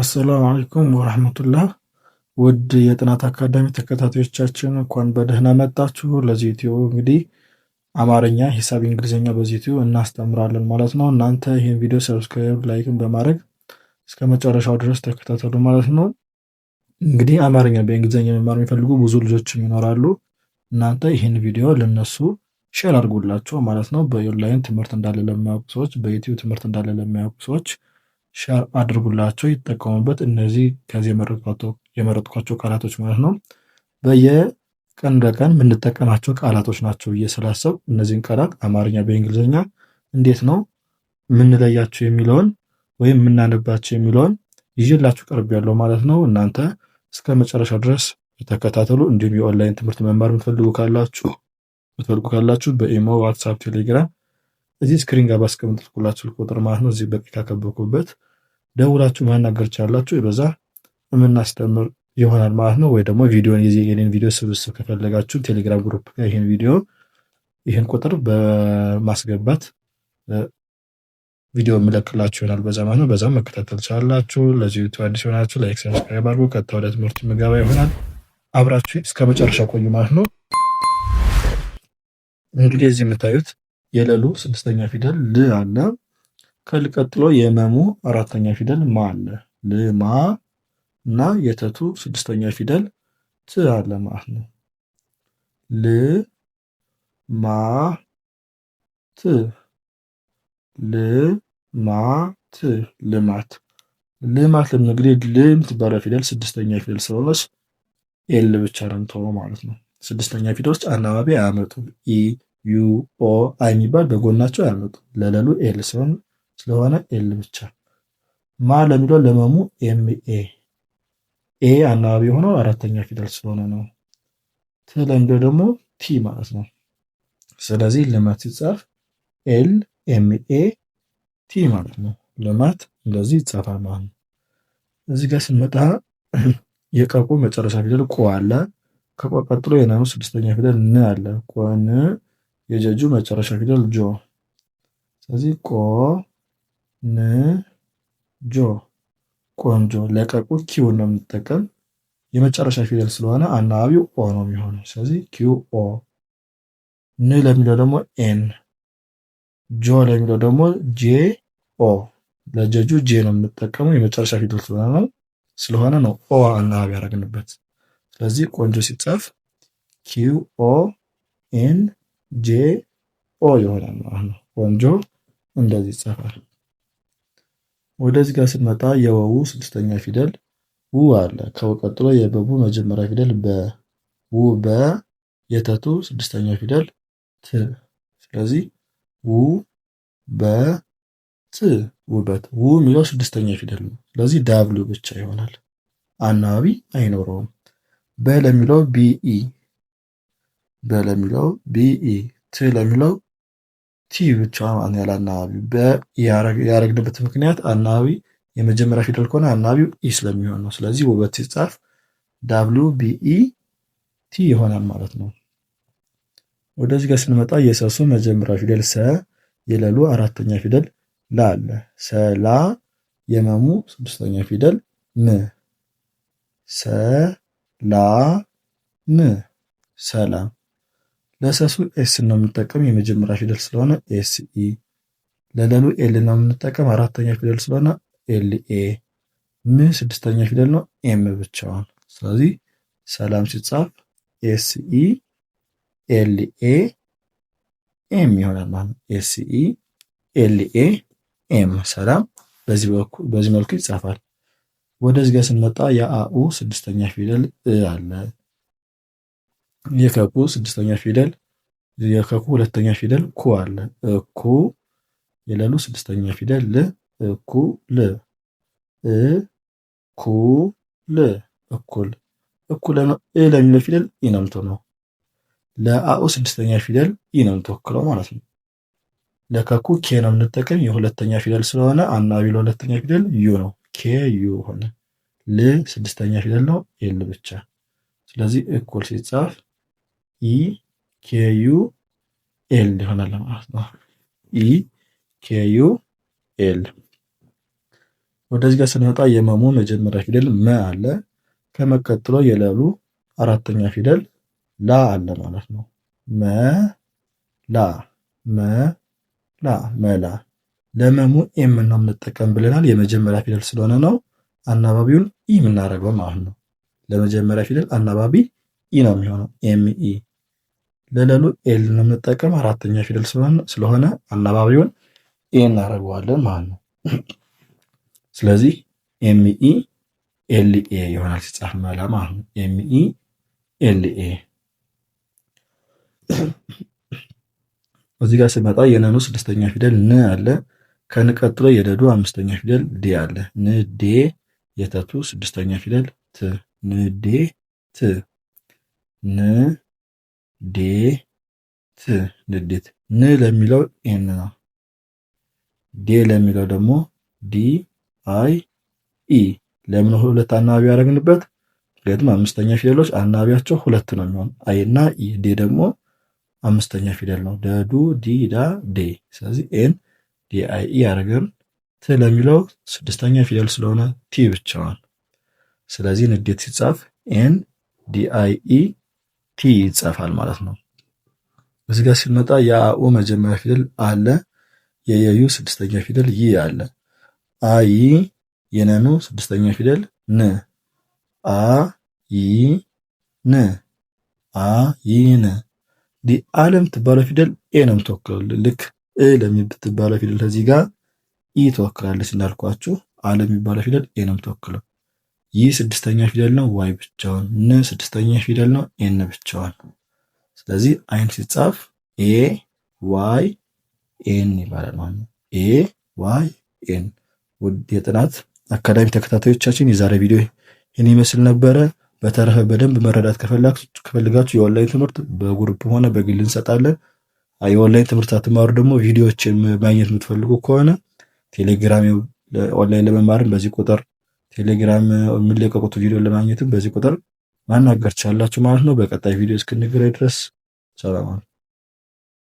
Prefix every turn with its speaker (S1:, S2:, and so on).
S1: አሰላሙ አለይኩም ወረህመቱላህ ውድ የጥናት አካዳሚ ተከታታዮቻችን እንኳን በደህና መጣችሁ። ለዚህ ዩቲዩብ እንግዲህ አማርኛ፣ ሂሳብ፣ እንግሊዝኛ በዚህ ዩቲዩብ እናስተምራለን ማለት ነው። እናንተ ይህን ቪዲዮ ሰብስክራይብ፣ ላይክን በማድረግ እስከ መጨረሻው ድረስ ተከታተሉ ማለት ነው። እንግዲህ አማርኛ በእንግሊዝኛ መማር የሚፈልጉ ብዙ ልጆችም ይኖራሉ። እናንተ ይህን ቪዲዮ ለነሱ ሼር አድርጉላቸው ማለት ነው። በኦንላይን ትምህርት እንዳለ ለማያውቁ ሰዎች፣ በዩቲዩብ ትምህርት እንዳለ ለማያውቁ ሰዎች ሸር አድርጉላቸው ይጠቀሙበት። እነዚህ ከዚህ የመረጥኳቸው ቃላቶች ማለት ነው በየቀን በቀን የምንጠቀማቸው ቃላቶች ናቸው ብዬ ስላሰብ እነዚህን ቃላት አማርኛ በእንግሊዝኛ እንዴት ነው የምንለያቸው የሚለውን ወይም የምናነባቸው የሚለውን ይዤላችሁ ቀርብ ያለው ማለት ነው። እናንተ እስከ መጨረሻ ድረስ የተከታተሉ እንዲሁም የኦንላይን ትምህርት መማር የምትፈልጉ ካላችሁ የምትፈልጉ ካላችሁ በኢሞ፣ ዋትሳፕ፣ ቴሌግራም እዚህ ስክሪን ጋር ባስቀምጥኩላችሁ ቁጥር ማለት ነው እዚህ በቂ ካከበኩበት ደውላችሁ ማናገር ቻላችሁ። በዛ የምናስተምር ይሆናል ማለት ነው። ወይ ደግሞ ቪዲዮን የኔን ቪዲዮ ስብስብ ከፈለጋችሁ ቴሌግራም ግሩፕ ይህን ቪዲዮ ይህን ቁጥር በማስገባት ቪዲዮ የምለቅላችሁ ይሆናል በዛ ማለት ነው። በዛ መከታተል ቻላችሁ። ለዚህ ዩቱብ አዲስ ሆናችሁ ላይክ፣ ሰብስክራይብ አድርጉ። ቀጥታ ወደ ትምህርት ምገባ ይሆናል። አብራችሁ እስከ መጨረሻ ቆዩ ማለት ነው። እንግዲህ እዚህ የምታዩት የለሉ ስድስተኛ ፊደል ል አለ ከል ቀጥሎ የመሙ አራተኛ ፊደል ማ አለ። ልማ እና የተቱ ስድስተኛ ፊደል ት አለ ማለት ነው። ል ማ ት ል ማ ት ልማት ልማት ለምን እንግዲህ ል የምትባለው ፊደል ስድስተኛ ፊደል ስለሆነች ኤል ብቻ ነው ማለት ነው። ስድስተኛ ፊደሎች አናባቢ አያመጡም። ኢ ዩ ኦ አይ የሚባል በጎናቸው አያመጡም። ለለሉ ኤል ስለሆነ ስለሆነ ኤል ብቻ ማ ለሚለው ለመሙ ኤም ኤ ኤ አናባቢ የሆነው አራተኛ ፊደል ስለሆነ ነው። ት ለሚለው ደግሞ ቲ ማለት ነው። ስለዚህ ልማት ሲጻፍ ኤል ኤም ኤ ቲ ማለት ነው። ልማት እንደዚህ ይጻፋል ማለት ነው። እዚህ ጋር ስንመጣ የቀቁ መጨረሻ ፊደል ቆ አለ። ከቆ ቀጥሎ የናኑ ስድስተኛ ፊደል ን አለ። ቆን የጀጁ መጨረሻ ፊደል ጆ። ስለዚህ ቆ ን ጆ ቆንጆ ለቀቁ ኪው ነው የምንጠቀም የመጨረሻ ፊደል ስለሆነ አናባቢው ኦ ነው የሚሆነው። ስለዚህ ኪው ኦ። ን ለሚለው ደግሞ ኤን፣ ጆ ለሚለው ደግሞ ጄ ኦ። ለጀጁ ጄ ነው የምንጠቀመው የመጨረሻ ፊደል ስለሆነ ነው ስለሆነ ነው ኦ አናባቢ ያደረግንበት። ስለዚህ ቆንጆ ሲጻፍ ኪው ኦ ኤን ጄ ኦ ይሆናል ማለት ነው። ቆንጆ እንደዚህ ይጻፋል። ወደዚህ ጋር ስንመጣ የወው ስድስተኛ ፊደል ው አለ። ከው ቀጥሎ የበቡ መጀመሪያ ፊደል በ ው በ የተቱ ስድስተኛ ፊደል ት። ስለዚህ ው በ ት ውበት። ው የሚለው ስድስተኛ ፊደል ነው። ስለዚህ ዳብሊው ብቻ ይሆናል፣ አናባቢ አይኖረውም። በ ለሚለው ቢኢ በ ለሚለው ቢኢ ት ለሚለው ቲ ብቻ ማለት ያለ አናባቢ ያረግንበት ምክንያት አናባቢ የመጀመሪያ ፊደል ከሆነ አናባቢው ኢ ስለሚሆን ነው። ስለዚህ ውበት ሲጻፍ ዳብሊው ቢኢ ቲ ይሆናል ማለት ነው። ወደዚህ ጋር ስንመጣ የሰሱ መጀመሪያ ፊደል ሰ፣ የለሉ አራተኛ ፊደል ላ አለ። ሰላ የመሙ ስድስተኛ ፊደል ም ሰላም ሰላም ለሰሱ ኤስ ነው የምንጠቀም የመጀመሪያ ፊደል ስለሆነ ኤስ ኢ። ለለሉ ኤል ነው የምንጠቀም አራተኛ ፊደል ስለሆነ ኤል ኤ። ም ስድስተኛ ፊደል ነው ኤም ብቻዋን። ስለዚህ ሰላም ሲጻፍ ኤስ ኢ ኤል ኤ ኤም ይሆናል ማለት ነው። ኤስ ኢ ኤል ኤ ኤም ሰላም በዚህ በኩል በዚህ መልኩ ይጻፋል። ወደዚህ ጋር ስንመጣ የአኡ ስድስተኛ ፊደል እ አለ የከኩ ስድስተኛ ፊደል የከኩ ሁለተኛ ፊደል ኩ አለ። እኩ የለሉ ስድስተኛ ፊደል ል እኩ ል እኩ ል እኩል እኩል ለሚለው ፊደል ኢነምቶ ነው። ለአኡ ስድስተኛ ፊደል ኢነምቶ ወክለው ማለት ነው። ለከኩ ኬ ነው የምንጠቀም የሁለተኛ ፊደል ስለሆነ አናቢ ለሁለተኛ ፊደል ዩ ነው። ኬ ዩ ሆነ። ል ስድስተኛ ፊደል ነው ኤል ብቻ። ስለዚህ እኩል ሲጻፍ ኢ ኬዩ ኤል ይሆናል ማለት ነው። ኢ ኬዩ ኤል። ወደዚህ ጋር ስንመጣ የመሙ መጀመሪያ ፊደል መ አለ። ከመቀጥሎ የለሉ አራተኛ ፊደል ላ አለ ማለት ነው። መ ላ መ ላ መላ። ለመሙ ኤም ነው የምንጠቀም ብለናል። የመጀመሪያ ፊደል ስለሆነ ነው አናባቢውን ኢ የምናደርገው ማለት ነው። ለመጀመሪያ ፊደል አናባቢ ኢ ነው የሚሆነው ኤም ኢ ለለሉ ኤል ነው የምንጠቀም አራተኛ ፊደል ስለሆነ አናባቢውን ኤ እናደርገዋለን ማለት ነው። ስለዚህ ኤምኢ ኤልኤ ይሆናል ሲጻፍ መላ ማለት ነው። ኤምኢ ኤ እዚህ ጋር ስመጣ የነኑ ስድስተኛ ፊደል ን አለ። ከን ቀጥሎ የደዱ አምስተኛ ፊደል ዴ አለ። ንዴ የተቱ ስድስተኛ ፊደል ት ንዴ ት ን ዴ ት ንዴት። ን ለሚለው ኤን ነው። ዴ ለሚለው ደግሞ ዲ አይ ኢ ለምን ሁለት አናባቢ ያደረግንበት? ምክንያቱም አምስተኛ ፊደሎች አናባቢያቸው ሁለት ነው የሚሆን አይ እና ኢ። ዴ ደግሞ አምስተኛ ፊደል ነው። ደዱ ዲ ዳ ዴ። ስለዚህ ኤን ዲ አይ ኢ ያደረግን ት ለሚለው ስድስተኛ ፊደል ስለሆነ ቲ ብቻዋን። ስለዚህ ንዴት ሲጻፍ ኤን ዲ አይ ኢ ቲ ይጻፋል ማለት ነው። እዚህ ጋር ሲመጣ የአኡ መጀመሪያ ፊደል አለ፣ የየዩ ስድስተኛ ፊደል ይ አለ። አይ የነኑ ስድስተኛ ፊደል ን አ ይ ን አ ይ ን ዲ አለም ለምትባለው ፊደል ኤ ነው የምትወክለው። ልክ እ ለምትባለው ፊደል ከዚህ ጋር ኢ ትወክላለች እንዳልኳችሁ። አለም ለሚባለው ፊደል ኤ ነው የምትወክለው። ይህ ስድስተኛ ፊደል ነው፣ ዋይ ብቻውን። ን ስድስተኛ ፊደል ነው፣ ኤን ብቻዋን። ስለዚህ አይን ሲጻፍ ኤ ዋይ ኤን ይባላል ማለት ነው። ኤ ዋይ ኤን። ውድ የጥናት አካዳሚ ተከታታዮቻችን የዛሬ ቪዲዮ ይህን ይመስል ነበረ። በተረፈ በደንብ መረዳት ከፈልጋችሁ የኦንላይን ትምህርት በግሩፕ ሆነ በግል እንሰጣለን። የኦንላይን ትምህርት አትማሩ ደግሞ ቪዲዮዎችን ማግኘት የምትፈልጉ ከሆነ ቴሌግራም ኦንላይን ለመማርን በዚህ ቁጥር ቴሌግራም የሚለቀቁት ቪዲዮ ለማግኘትም በዚህ ቁጥር ማናገር ቻላችሁ ማለት ነው። በቀጣይ ቪዲዮ እስክንገናኝ ድረስ ሰላም።